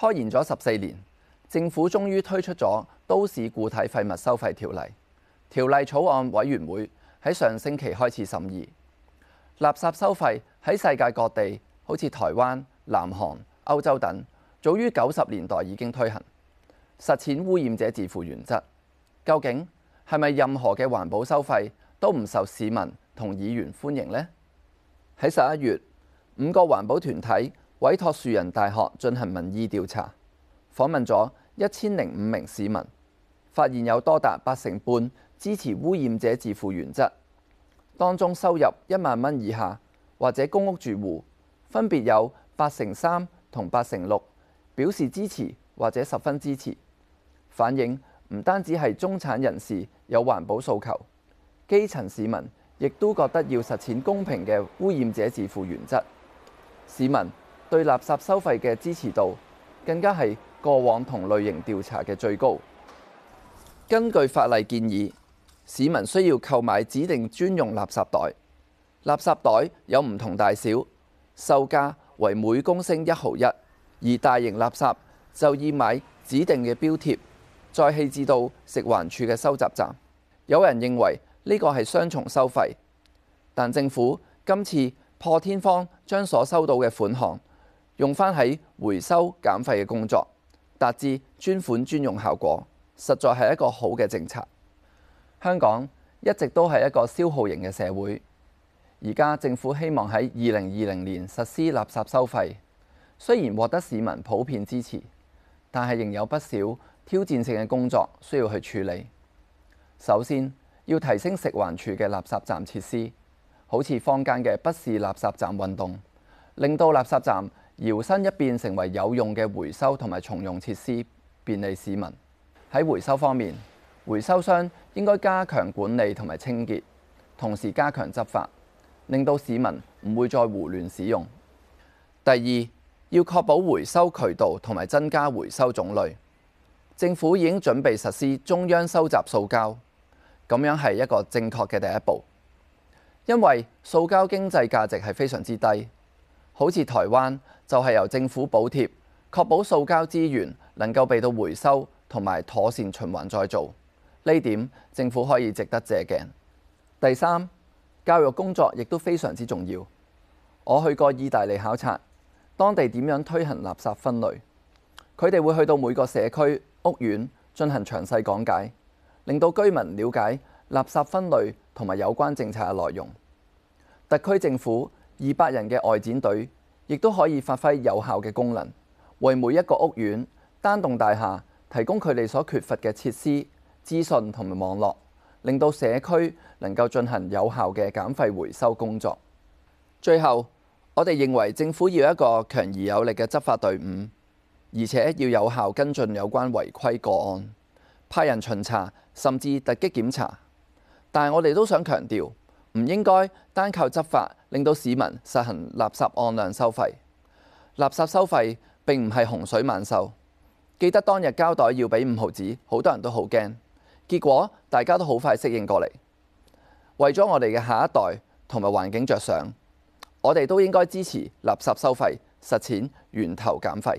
拖延咗十四年，政府終於推出咗都市固體廢物收費條例。條例草案委員會喺上星期開始審議。垃圾收費喺世界各地，好似台灣、南韓、歐洲等，早於九十年代已經推行，實踐污染者自負原則。究竟係咪任何嘅環保收費都唔受市民同議員歡迎呢？喺十一月，五個環保團體，委託樹仁大學進行民意調查，訪問咗一千零五名市民，發現有多達八成半支持污染者自負原則。當中收入一萬蚊以下或者公屋住戶，分別有八成三同八成六表示支持或者十分支持。反映唔單止係中產人士有環保訴求，基層市民亦都覺得要實踐公平嘅污染者自負原則。市民。對垃圾收費嘅支持度更加係過往同類型調查嘅最高。根據法例建議，市民需要購買指定專用垃圾袋，垃圾袋有唔同大小，售價為每公升一毫一。而大型垃圾就要買指定嘅標貼，再棄置到食環署嘅收集站。有人認為呢個係雙重收費，但政府今次破天荒將所收到嘅款項。用返喺回收減廢嘅工作，達至專款專用效果，實在係一個好嘅政策。香港一直都係一個消耗型嘅社會，而家政府希望喺二零二零年實施垃圾收費，雖然獲得市民普遍支持，但係仍有不少挑戰性嘅工作需要去處理。首先，要提升食環處嘅垃圾站設施，好似坊間嘅不是垃圾站運動，令到垃圾站，搖身一變成為有用嘅回收同埋重用設施，便利市民。喺回收方面，回收箱應該加強管理同埋清潔，同時加強執法，令到市民唔會再胡亂使用。第二，要確保回收渠道，同埋增加回收種類。政府已經準備實施中央收集塑膠，咁樣係一個正確嘅第一步，因為塑膠經濟價值係非常之低。好似台灣就係、是、由政府補貼，確保塑膠資源能夠被到回收同埋妥善循環再做，呢點政府可以值得借鏡。第三，教育工作亦都非常之重要。我去過意大利考察，當地點樣推行垃圾分類，佢哋會去到每個社區屋苑進行詳細講解，令到居民了解垃圾分類同埋有關政策嘅內容。特區政府。二百人嘅外展隊，亦都可以發揮有效嘅功能，為每一個屋苑、單棟大廈提供佢哋所缺乏嘅設施、資訊同埋網絡，令到社區能夠進行有效嘅減廢回收工作。最後，我哋認為政府要一個強而有力嘅執法隊伍，而且要有效跟進有關違規個案，派人巡查，甚至突擊檢查。但係我哋都想強調：唔應該單靠執法，令到市民實行垃圾按量收費。垃圾收費並唔係洪水猛獸。記得當日膠袋要俾五毫子，好多人都好驚。結果大家都好快適應過嚟。為咗我哋嘅下一代同埋環境着想，我哋都應該支持垃圾收費，實踐源頭減廢。